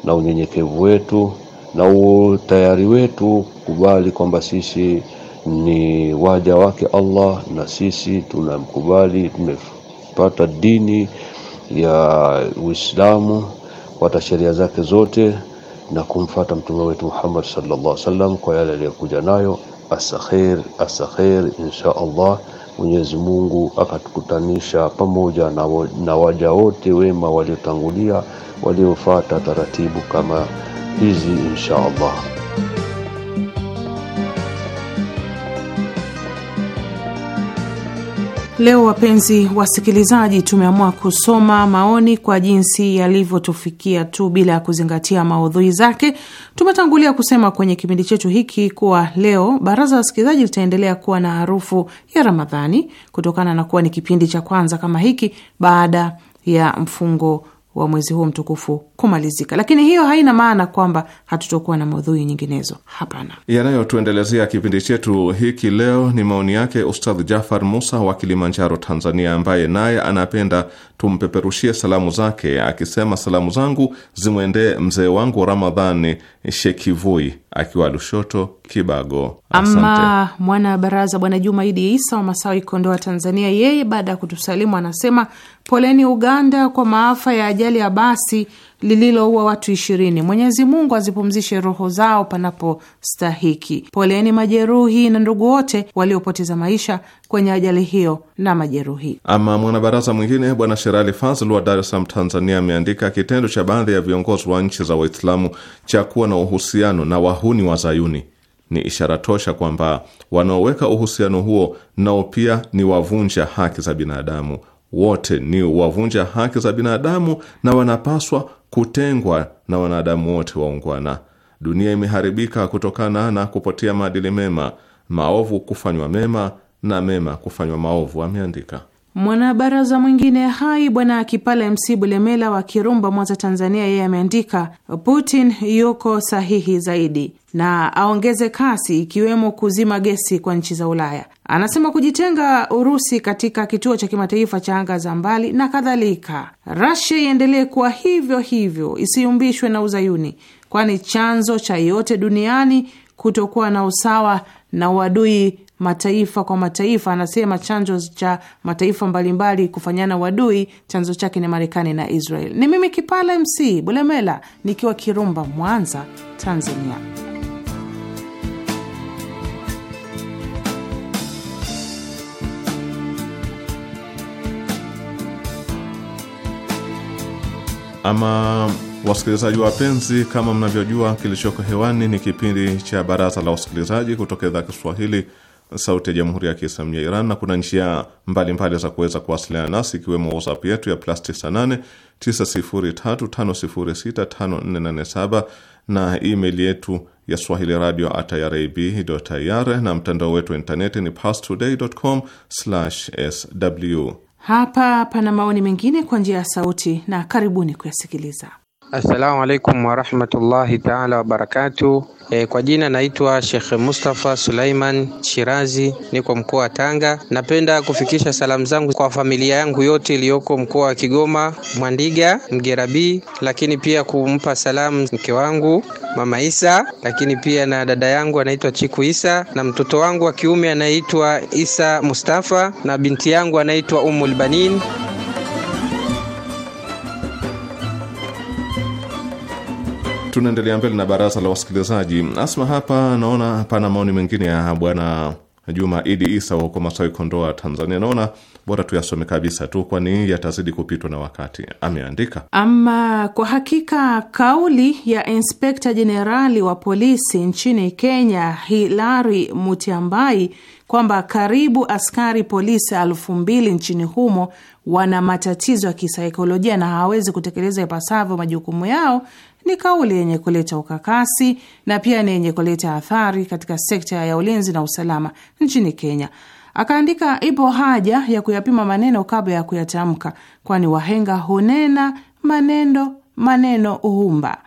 na unyenyekevu wetu na utayari wetu kubali kwamba sisi ni waja wake Allah na sisi tunamkubali, tumepata dini ya Uislamu kwa sheria zake zote na kumfata mtume wetu Muhammad sallallahu alaihi wasallam kwa yale aliyokuja nayo asaheri asaheri, insha Allah Mwenyezi Mungu akatukutanisha pamoja na, na waja wote wema waliotangulia waliofuata taratibu kama hizi insha Allah. Leo wapenzi wasikilizaji, tumeamua kusoma maoni kwa jinsi yalivyotufikia tu bila ya kuzingatia maudhui zake. Tumetangulia kusema kwenye kipindi chetu hiki kuwa leo baraza la wasikilizaji litaendelea kuwa na harufu ya Ramadhani kutokana na kuwa ni kipindi cha kwanza kama hiki baada ya mfungo wa mwezi huo mtukufu kumalizika, lakini hiyo haina maana kwamba hatutokuwa na maudhui nyinginezo. Hapana. Yanayotuendelezea kipindi chetu hiki leo ni maoni yake Ustadh Jafar Musa wa Kilimanjaro, Tanzania, ambaye naye anapenda tumpeperushie salamu zake, akisema salamu zangu zimwendee mzee wangu Ramadhani Shekivui akiwa Lushoto Kibago. Asante. Ama mwana baraza Bwana Juma Idi Isa wa Masawi, Kondoa, Tanzania, yeye baada ya kutusalimu anasema Poleni Uganda kwa maafa ya ajali ya basi lililoua watu ishirini. Mwenyezi Mungu azipumzishe roho zao panapostahiki. Poleni majeruhi na ndugu wote waliopoteza maisha kwenye ajali hiyo na majeruhi. Ama mwanabaraza mwingine Bwana Sherali Fazl wa Dar es Salaam, Tanzania, ameandika kitendo cha baadhi ya viongozi wa nchi za Waislamu cha kuwa na uhusiano na wahuni wa Zayuni ni ishara tosha kwamba wanaoweka uhusiano huo nao pia ni wavunja haki za binadamu wote ni wavunja haki za binadamu na wanapaswa kutengwa na wanadamu wote waungwana. Dunia imeharibika kutokana na kupotea maadili mema, maovu kufanywa mema na mema kufanywa maovu, ameandika. Mwanabaraza mwingine hai bwana Kipala MC Bulemela wa Kirumba, Mwanza, Tanzania, yeye ameandika Putin yuko sahihi zaidi na aongeze kasi, ikiwemo kuzima gesi kwa nchi za Ulaya. Anasema kujitenga Urusi katika kituo cha kimataifa cha anga za mbali na kadhalika. Rasia iendelee kuwa hivyo hivyo, isiyumbishwe na Uzayuni, kwani chanzo cha yote duniani kutokuwa na usawa na uadui mataifa kwa mataifa. Anasema chanzo cha mataifa mbalimbali kufanyana uadui chanzo chake ni Marekani na Israel. Ni mimi Kipala MC Bulemela nikiwa Kirumba, Mwanza, Tanzania. Ama wasikilizaji wapenzi, kama mnavyojua, kilichoko hewani ni kipindi cha Baraza la Wasikilizaji kutoka idhaa Kiswahili sauti ya jamhuri ya Kiislamu ya Iran, na kuna njia mbalimbali za kuweza kuwasiliana nasi, ikiwemo WhatsApp yetu ya plus 98 9035065487 na email yetu ya swahili radio at irib ir, na mtandao wetu wa intaneti ni pastoday.com sw. Hapa pana maoni mengine kwa njia ya sauti, na karibuni kuyasikiliza. Assalamu alaikum warahmatullahi taala wabarakatuh. E, kwa jina naitwa Sheikh Mustafa Sulaiman Shirazi, niko mkoa wa Tanga. Napenda kufikisha salamu zangu kwa familia yangu yote iliyoko mkoa wa Kigoma, Mwandiga, Mgerabi, lakini pia kumpa salamu mke wangu Mama Isa, lakini pia na dada yangu anaitwa Chiku Isa na mtoto wangu wa kiume anaitwa Isa Mustafa na binti yangu anaitwa Umul Banin. tunaendelea mbele na baraza la wasikilizaji. Asma, hapa naona pana maoni mengine ya bwana Juma Idi Isa wa huko Masawi, Kondoa, Tanzania. Naona bora tuyasome kabisa tu, kwani yatazidi kupitwa na wakati. Ameandika, ama kwa hakika kauli ya inspekta jenerali wa polisi nchini Kenya Hilari Mutiambai kwamba karibu askari polisi elfu mbili nchini humo wana matatizo ya kisaikolojia na hawawezi kutekeleza ipasavyo majukumu yao ni kauli yenye kuleta ukakasi na pia ni yenye kuleta athari katika sekta ya ulinzi na usalama nchini Kenya. Akaandika, ipo haja ya kuyapima maneno kabla ya kuyatamka, kwani wahenga hunena maneno maneno uhumba.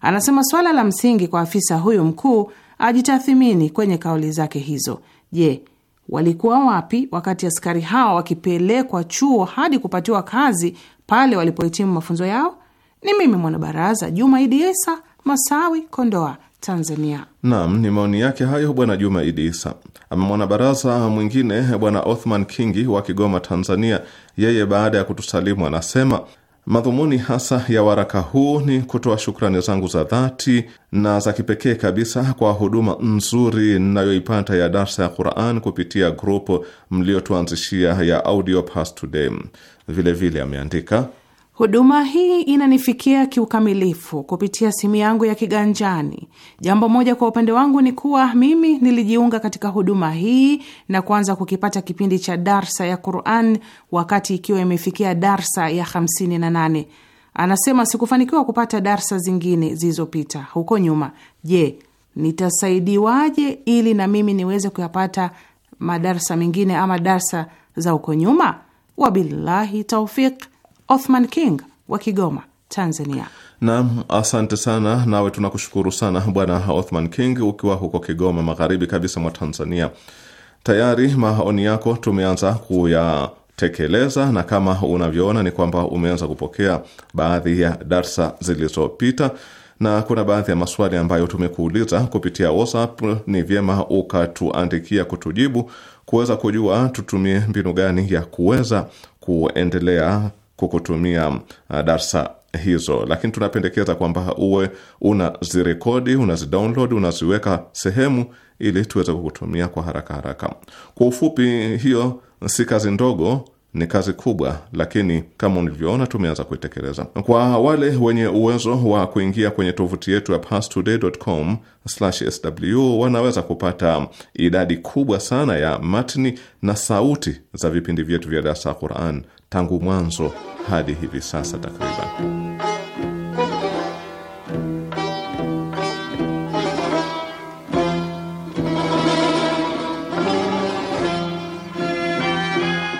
Anasema swala la msingi kwa afisa huyu mkuu ajitathimini kwenye kauli zake hizo. Je, walikuwa wapi wakati askari hawa wakipelekwa chuo hadi kupatiwa kazi pale walipohitimu mafunzo yao? Ni mimi mwanabaraza Juma Idi Isa, Masawi, Kondoa, Tanzania. Naam, ni maoni yake hayo Bwana Juma Idi Isa. Ama mwanabaraza mwingine Bwana Othman Kingi wa Kigoma, Tanzania, yeye baada ya kutusalimu anasema madhumuni hasa ya waraka huu ni kutoa shukrani zangu za dhati na za kipekee kabisa kwa huduma nzuri ninayoipata ya darsa ya Quran kupitia grupu mliotuanzishia ya Audio Today. Vilevile ameandika Huduma hii inanifikia kiukamilifu kupitia simu yangu ya kiganjani. Jambo moja kwa upande wangu ni kuwa mimi nilijiunga katika huduma hii na kuanza kukipata kipindi cha darsa ya Quran wakati ikiwa imefikia darsa ya 58. Anasema sikufanikiwa kupata darsa zingine zilizopita huko nyuma. Je, nitasaidiwaje ili na mimi niweze kuyapata madarsa mengine ama darsa za huko nyuma? Wabillahi taufiki. Othman King wa Kigoma, Tanzania. Naam, asante sana. Nawe tunakushukuru sana Bwana Othman King, ukiwa huko Kigoma, magharibi kabisa mwa Tanzania. Tayari maoni yako tumeanza kuyatekeleza, na kama unavyoona ni kwamba umeanza kupokea baadhi ya darsa zilizopita na kuna baadhi ya maswali ambayo tumekuuliza kupitia WhatsApp. Ni vyema ukatuandikia kutujibu, kuweza kujua tutumie mbinu gani ya kuweza kuendelea kukutumia uh, darsa hizo, lakini tunapendekeza kwamba uwe unazirekodi, unazidownload, unaziweka sehemu ili tuweze kukutumia kwa haraka haraka. Kwa ufupi, hiyo si kazi ndogo, ni kazi kubwa, lakini kama ulivyoona tumeanza kuitekeleza. Kwa wale wenye uwezo wa kuingia kwenye tovuti yetu ya pastoday.com/sw wanaweza kupata idadi kubwa sana ya matni na sauti za vipindi vyetu vya darsa ya Quran tangu mwanzo hadi hivi sasa takriban.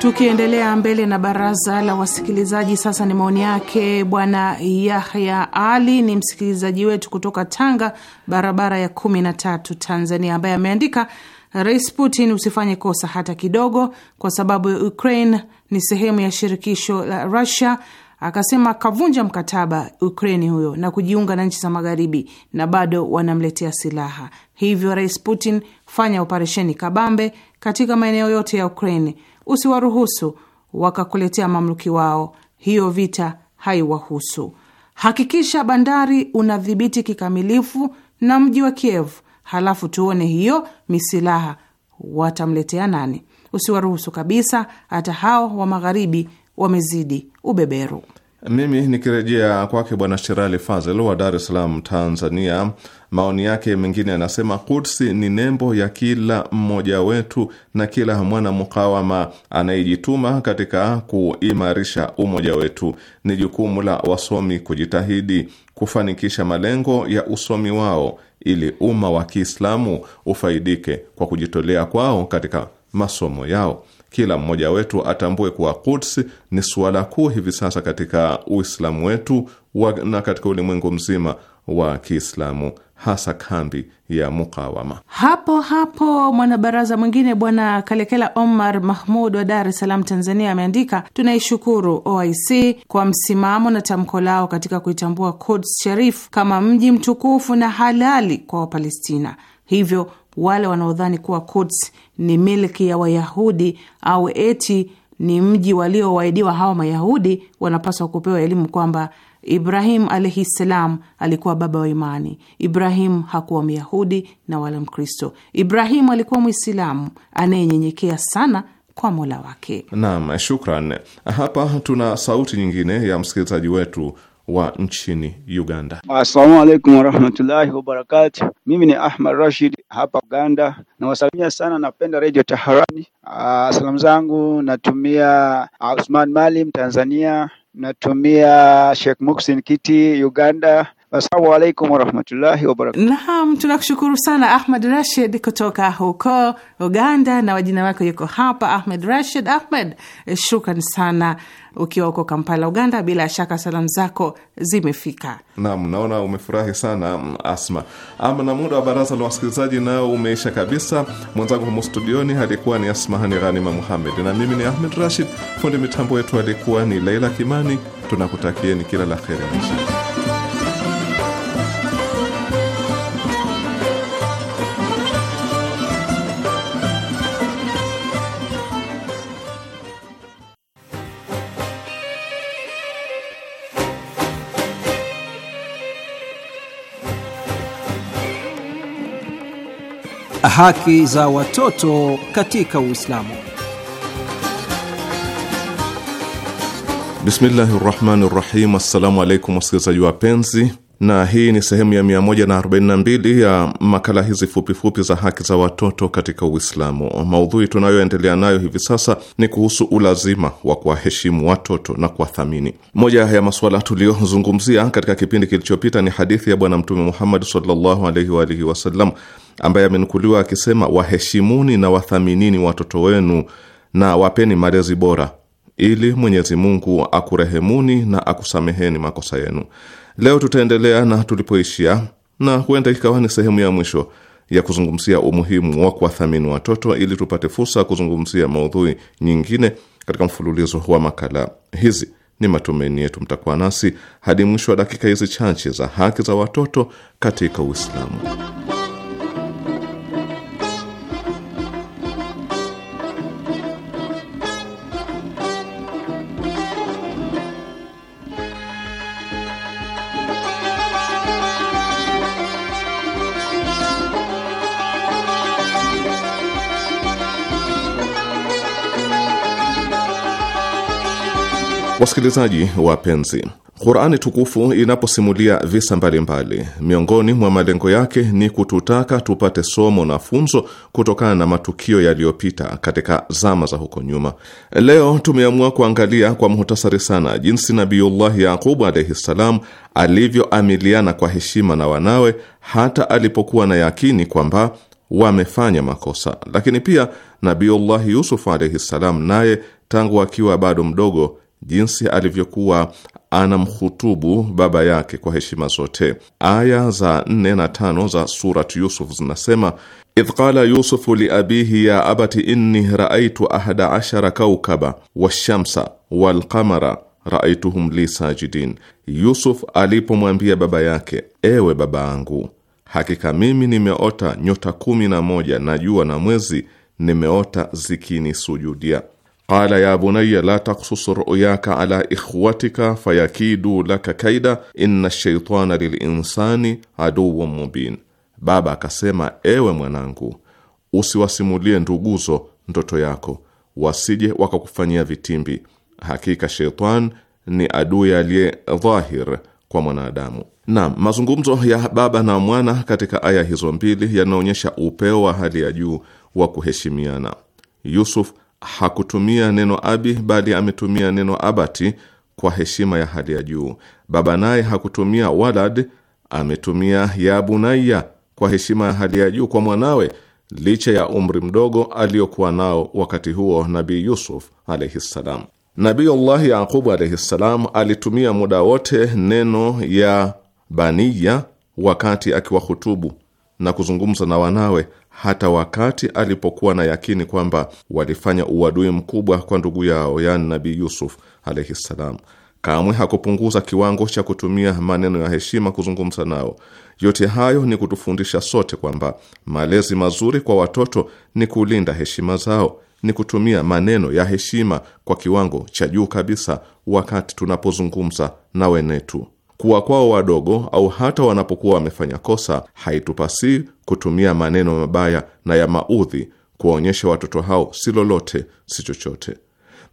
Tukiendelea mbele na baraza la wasikilizaji, sasa ni maoni yake bwana Yahya Ali, ni msikilizaji wetu kutoka Tanga, barabara ya kumi na tatu, Tanzania, ambaye ameandika: Rais Putin, usifanye kosa hata kidogo, kwa sababu Ukraine ni sehemu ya shirikisho la Rusia, akasema kavunja mkataba Ukraini huyo na kujiunga na nchi za Magharibi, na bado wanamletea silaha. Hivyo Rais Putin, fanya operesheni kabambe katika maeneo yote ya Ukraini, usiwaruhusu wakakuletea mamluki wao. Hiyo vita haiwahusu. Hakikisha bandari unadhibiti kikamilifu na mji wa Kiev, halafu tuone hiyo misilaha watamletea nani usiwaruhusu kabisa, hata hao wa magharibi wamezidi ubeberu. Mimi nikirejea kwake Bwana Sherali Fazel wa Dar es Salaam, Tanzania, maoni yake mengine anasema, Kudsi ni nembo ya kila mmoja wetu na kila mwana mukawama anayejituma katika kuimarisha umoja wetu. Ni jukumu la wasomi kujitahidi kufanikisha malengo ya usomi wao ili umma wa Kiislamu ufaidike kwa kujitolea kwao katika masomo yao. Kila mmoja wetu atambue kuwa Quds ni suala kuu hivi sasa katika Uislamu wetu wa, na katika ulimwengu mzima wa Kiislamu hasa kambi ya mukawama. Hapo hapo mwanabaraza mwingine Bwana Kalekela Omar Mahmud wa Dar es Salaam, Tanzania, ameandika tunaishukuru OIC kwa msimamo na tamko lao katika kuitambua Quds Sharif kama mji mtukufu na halali kwa Wapalestina, hivyo wale wanaodhani kuwa Quds ni milki ya Wayahudi au eti ni mji waliowaidiwa hawa Mayahudi, wanapaswa kupewa elimu kwamba Ibrahim alaihi ssalam alikuwa baba wa imani. Ibrahim hakuwa Myahudi na wala Mkristo. Ibrahim alikuwa Mwislamu anayenyenyekea sana kwa mola wake. Naam, shukran. Hapa tuna sauti nyingine ya msikilizaji wetu wa nchini Uganda. Assalamu alaikum warahmatullahi wabarakatuh. Mimi ni Ahmad Rashid hapa Uganda, nawasalimia sana. Napenda Radio Taharani. Ah, salamu zangu natumia Usman Malim Tanzania, natumia Sheikh Muksin Kiti Uganda Assalamu alaikum warahmatullahi wabarakatuh. Naam, tunakushukuru sana Ahmed Rashid kutoka huko Uganda, na wajina wake yuko hapa Ahmed Rashid. Ahmed, eh, shukran sana ukiwa huko Kampala, Uganda. Bila shaka salamu zako zimefika. Naam, naona umefurahi sana mm, Asma. Ama na muda wa baraza la wasikilizaji nao umeisha kabisa. Mwenzangu humo studioni alikuwa ni Asmahani Ghanima Muhamed na mimi ni Ahmed Rashid. Fundi mitambo yetu alikuwa ni Leila Kimani. Tunakutakieni kila la heri maishani. Haki za watoto katika Uislamu. Bismillahi rahmani rahim. Assalamu alaikum wasikilizaji wapenzi, na hii ni sehemu ya 142 ya makala hizi fupifupi fupi za haki za watoto katika Uislamu. Maudhui tunayoendelea nayo hivi sasa ni kuhusu ulazima wa kuwaheshimu watoto na kuwathamini. Moja ya masuala tuliyozungumzia katika kipindi kilichopita ni hadithi ya Bwana Mtume Muhammad sallallahu alaihi wa alihi wasallam ambaye amenukuliwa akisema, waheshimuni na wathaminini watoto wenu na wapeni malezi bora, ili Mwenyezi Mungu akurehemuni na akusameheni makosa yenu. Leo tutaendelea na tulipoishia, na huenda ikawa ni sehemu ya mwisho ya kuzungumzia umuhimu wa kuwathamini watoto ili tupate fursa ya kuzungumzia maudhui nyingine katika mfululizo wa makala hizi. Ni matumaini yetu mtakuwa nasi hadi mwisho wa dakika hizi chache za haki za watoto katika Uislamu. Wasikilizaji wapenzi, Qurani tukufu inaposimulia visa mbalimbali, miongoni mwa malengo yake ni kututaka tupate somo na funzo kutokana na matukio yaliyopita katika zama za huko nyuma. Leo tumeamua kuangalia kwa muhtasari sana jinsi Nabiyullah Yaqubu alaihi ssalam alivyoamiliana kwa heshima na wanawe hata alipokuwa na yakini kwamba wamefanya makosa, lakini pia Nabiyullah yusuf alaihi ssalam naye tangu akiwa bado mdogo jinsi alivyokuwa anamhutubu baba yake kwa heshima zote. Aya za nne na tano za Surat Yusuf zinasema idh qala yusufu liabihi ya abati inni raaitu ahada ashara kaukaba washamsa walqamara raaituhum li sajidin. Yusuf alipomwambia baba yake, ewe baba angu, hakika mimi nimeota nyota kumi na moja na jua na mwezi nimeota zikinisujudia qala ya bunaya la taksus ruyaka ala ikhwatika fayakidu laka kaida inna shaitana lilinsani aduwun mubin, baba akasema, ewe mwanangu, usiwasimulie nduguzo ndoto yako, wasije wakakufanyia vitimbi. Hakika shaitan ni adui aliye dhahir kwa mwanadamu. Naam, mazungumzo ya baba na mwana katika aya hizo mbili yanaonyesha upeo wa hali ya juu wa kuheshimiana. Yusuf hakutumia neno abi bali ametumia neno abati kwa heshima ya hali ya juu. Baba naye hakutumia walad, ametumia ya bunayya kwa heshima ya hali ya juu kwa mwanawe, licha ya umri mdogo aliyokuwa nao wakati huo Nabii Yusuf alaihi ssalam. Nabiyullahi Yaqubu alaihi ssalam alitumia muda wote neno ya baniya wakati akiwahutubu na kuzungumza na wanawe hata wakati alipokuwa na yakini kwamba walifanya uadui mkubwa kwa ndugu yao, yani Nabii Yusuf alaihi ssalam. Kamwe hakupunguza kiwango cha kutumia maneno ya heshima kuzungumza nao. Yote hayo ni kutufundisha sote kwamba malezi mazuri kwa watoto ni kulinda heshima zao, ni kutumia maneno ya heshima kwa kiwango cha juu kabisa wakati tunapozungumza na wenetu kuwa kwao wadogo au hata wanapokuwa wamefanya kosa, haitupasi kutumia maneno mabaya na ya maudhi kuwaonyesha watoto hao si lolote si chochote.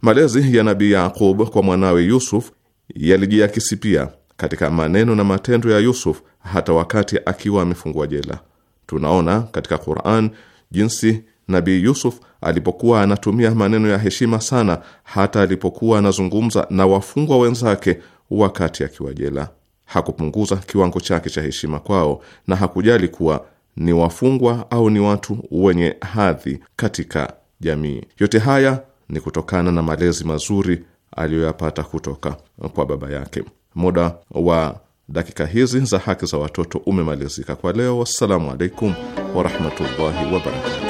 Malezi ya Nabii Yaqub kwa mwanawe Yusuf yalijiakisi pia katika maneno na matendo ya Yusuf hata wakati akiwa amefungwa jela. Tunaona katika Quran jinsi Nabii Yusuf alipokuwa anatumia maneno ya heshima sana hata alipokuwa anazungumza na wafungwa wenzake wakati akiwa jela hakupunguza kiwango chake cha heshima kwao na hakujali kuwa ni wafungwa au ni watu wenye hadhi katika jamii. Yote haya ni kutokana na malezi mazuri aliyoyapata kutoka kwa baba yake. Muda wa dakika hizi za haki za watoto umemalizika kwa leo. Wassalamu alaikum warahmatullahi wabarakatu.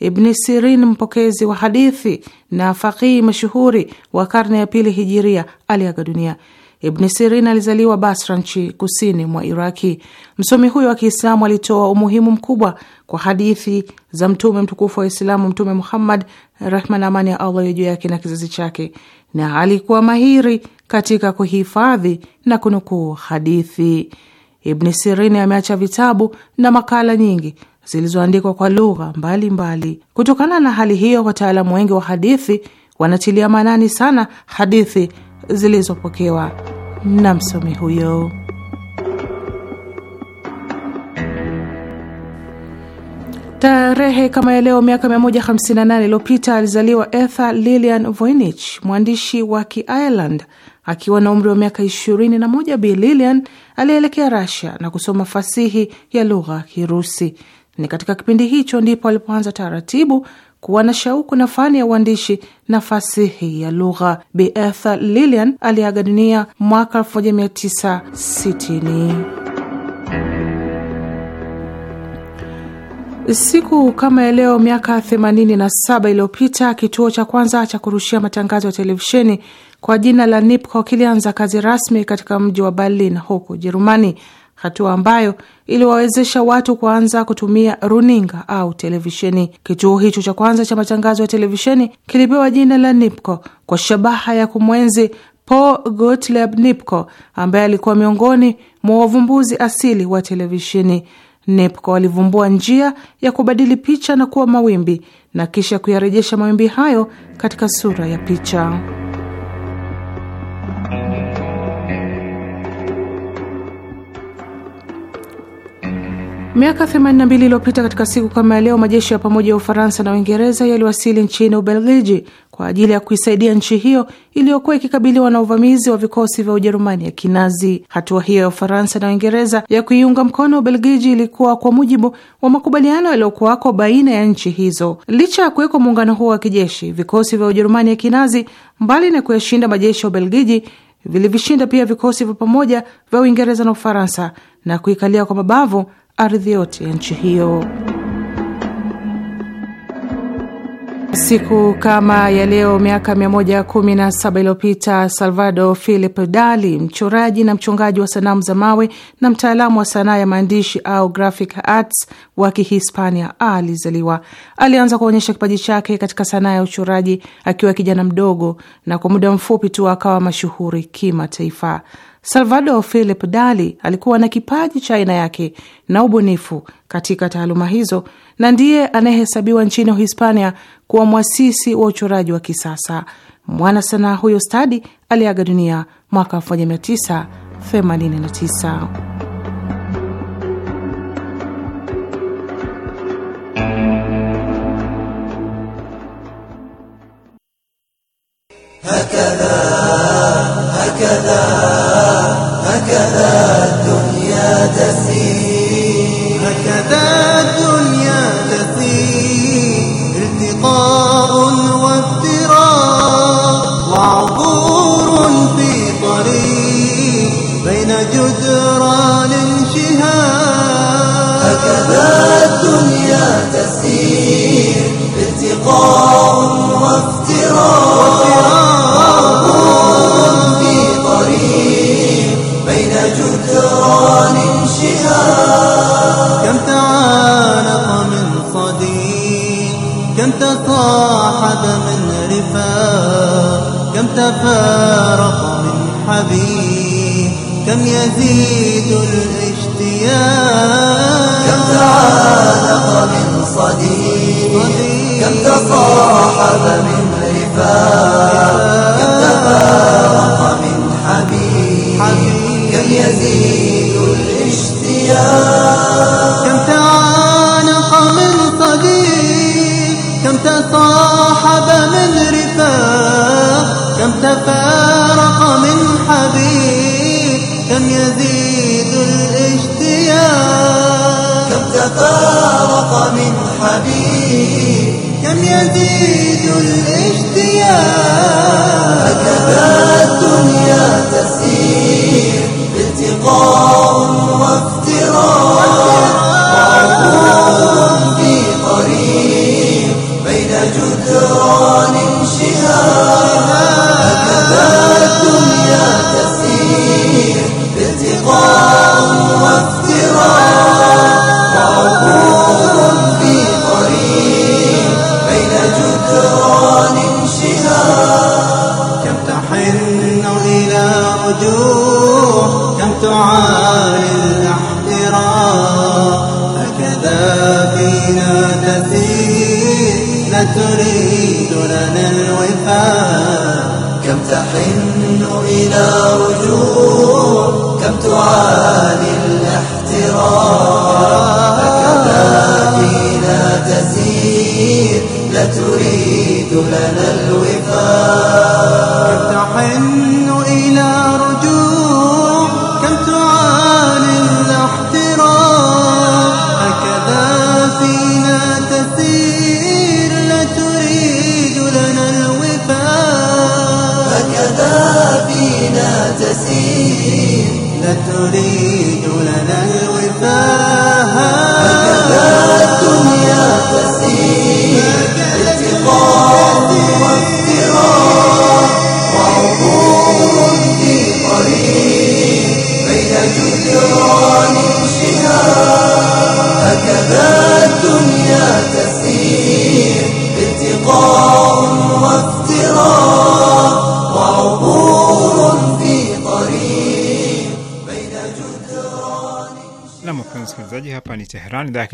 Ibni Sirin, mpokezi wa hadithi na faqihi mashuhuri wa karne ya pili hijiria, aliaga dunia. Ibni Sirin alizaliwa Basra, nchi kusini mwa Iraki. Msomi huyo wa Kiislamu alitoa umuhimu mkubwa kwa hadithi za mtume mtukufu wa Islamu, Mtume Muhammad, rehma na amani ya Allah juu yake na kizazi chake, na alikuwa mahiri katika kuhifadhi na kunukuu hadithi. Ibni Sirin ameacha vitabu na makala nyingi zilizoandikwa kwa lugha mbalimbali. Kutokana na hali hiyo, wataalamu wengi wa hadithi wanatilia maanani sana hadithi zilizopokewa na msomi huyo. Tarehe kama ya leo miaka 158 iliyopita alizaliwa Ethel Lillian Voynich, mwandishi wa Kiireland. Akiwa na umri wa miaka 21, Bi Lillian alielekea Russia na kusoma fasihi ya lugha Kirusi. Ni katika kipindi hicho ndipo alipoanza taratibu kuwa na shauku na fani ya uandishi na fasihi ya lugha. Bi Ethel aliaga dunia mwaka 1960. Siku kama ya leo miaka 87 iliyopita, kituo cha kwanza cha kurushia matangazo ya televisheni kwa jina la nipco kilianza kazi rasmi katika mji wa Berlin huko Ujerumani hatua ambayo iliwawezesha watu kuanza kutumia runinga au televisheni. Kituo hicho cha kwanza cha matangazo ya televisheni kilipewa jina la Nipco kwa shabaha ya kumwenzi Paul Gottlieb Nipko ambaye alikuwa miongoni mwa wavumbuzi asili wa televisheni. Nipko alivumbua njia ya kubadili picha na kuwa mawimbi na kisha kuyarejesha mawimbi hayo katika sura ya picha. Miaka 82 iliyopita katika siku kama ya leo, majeshi ya pamoja ya Ufaransa na Uingereza yaliwasili nchini Ubelgiji kwa ajili ya kuisaidia nchi hiyo iliyokuwa ikikabiliwa na uvamizi wa vikosi vya Ujerumani ya Kinazi. Hatua hiyo ya Ufaransa na Uingereza ya kuiunga mkono Ubelgiji ilikuwa kwa mujibu wa makubaliano yaliyokuwako baina ya nchi hizo. Licha ya kuwekwa muungano huo wa kijeshi, vikosi vya Ujerumani ya Kinazi, mbali na kuyashinda majeshi ya Ubelgiji, vilivishinda pia vikosi vya pamoja vya Uingereza na Ufaransa na kuikalia kwa mabavu ardhi yote ya nchi hiyo. Siku kama ya leo miaka 117 iliyopita Salvador Philip Dali, mchoraji na mchongaji wa sanamu za mawe na mtaalamu wa sanaa ya maandishi au graphic arts wa Kihispania alizaliwa. Alianza kuonyesha kipaji chake katika sanaa ya uchoraji akiwa kijana mdogo, na kwa muda mfupi tu akawa mashuhuri kimataifa. Salvador Philip Dali alikuwa na kipaji cha aina yake na ubunifu katika taaluma hizo na ndiye anayehesabiwa nchini uhispania kuwa mwasisi wa uchoraji wa kisasa. Mwana sanaa huyo stadi aliaga dunia mwaka 1989.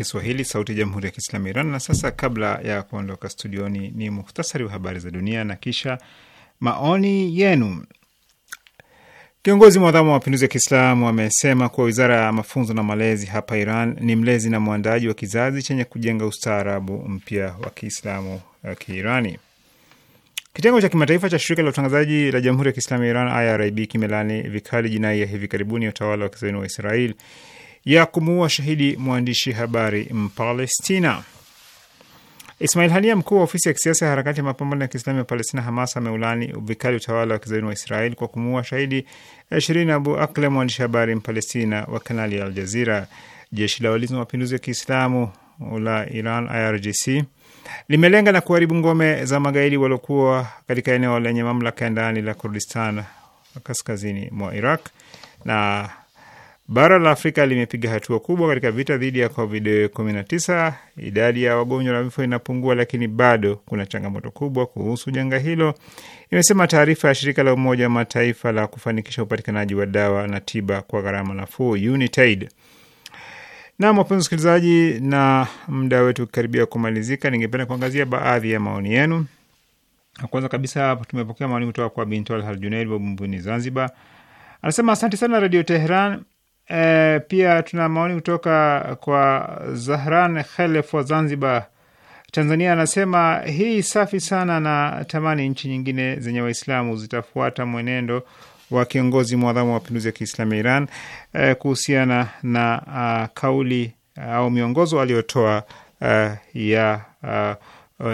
Kiswahili, Sauti ya Jamhuri ya Kiislamu Iran. Na sasa, kabla ya kuondoka studioni, ni muhtasari wa habari za dunia na kisha maoni yenu. Kiongozi mwadhamu wa mapinduzi ya Kiislamu amesema kuwa wizara ya mafunzo na malezi hapa Iran ni mlezi na mwandaaji wa kizazi chenye kujenga ustaarabu mpya wa Kiislamu wa eh, Kiirani. Kitengo cha kimataifa cha shirika la utangazaji la Jamhuri ya Kiislamu ya Iran, IRIB, kimelani vikali jinai ya hivi karibuni ya utawala wa kizayuni wa Israel ya kumuua shahidi mwandishi habari Mpalestina. Ismail Hania, mkuu wa ofisi ya kisiasa ya harakati ya mapambano ya Kiislamu ya Palestina, Hamas, ameulani vikali utawala wa kizayuni wa Israel kwa kumuua shahidi Shirin Abu Akle, mwandishi habari Mpalestina wa kanali ya Aljazira. Jeshi la walinzi wa mapinduzi ya Kiislamu la Iran, IRGC, limelenga na kuharibu ngome za magaidi waliokuwa katika eneo lenye mamlaka ya ndani la Kurdistan kaskazini mwa Iraq na Bara la Afrika limepiga hatua kubwa katika vita dhidi ya COVID-19. Idadi ya wagonjwa na vifo inapungua, lakini bado kuna changamoto kubwa kuhusu janga hilo, imesema taarifa ya shirika la Umoja wa Mataifa la kufanikisha upatikanaji wa dawa na tiba kwa gharama nafuu, UNITAID. Nam, wapenzi wasikilizaji, na muda wetu ukikaribia kumalizika, ningependa kuangazia baadhi ya maoni yenu. Kwanza kabisa tumepokea maoni kutoka kwa Bintu Alhal wa Bumbuni, Zanzibar. Anasema asante sana Radio Teheran E, pia tuna maoni kutoka kwa Zahran Khelef wa Zanzibar, Tanzania. Anasema hii safi sana na tamani nchi nyingine zenye Waislamu zitafuata mwenendo wa kiongozi mwadhamu wa mapinduzi ya Kiislamu ya Iran e, kuhusiana na a, kauli au miongozo aliyotoa ya a,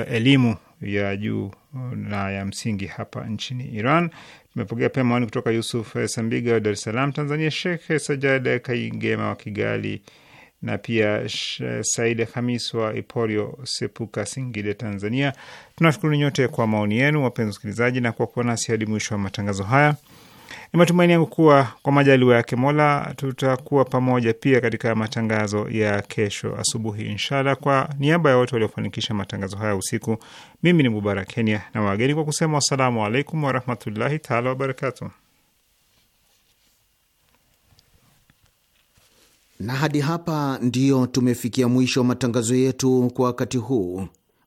elimu ya juu na ya msingi hapa nchini Iran Tumepokea pia maoni kutoka Yusuf Sambiga wa Dar es Salaam, Tanzania, sheikh Sajad Kaigema wa Kigali na pia Said Hamis wa Iporio Sepuka, Singida, Tanzania. Tunashukuru nyote kwa maoni yenu, wapenzi wasikilizaji, na kwa kuwa nasi hadi mwisho wa matangazo haya. Ni matumaini yangu kuwa kwa majaliwa yake Mola tutakuwa pamoja pia katika matangazo ya kesho asubuhi inshallah. Kwa niaba ya wote waliofanikisha matangazo haya usiku, mimi ni Mubarak Kenya na wageni kwa kusema wassalamu alaikum warahmatullahi taala wabarakatu Na hadi hapa ndiyo tumefikia mwisho wa matangazo yetu kwa wakati huu.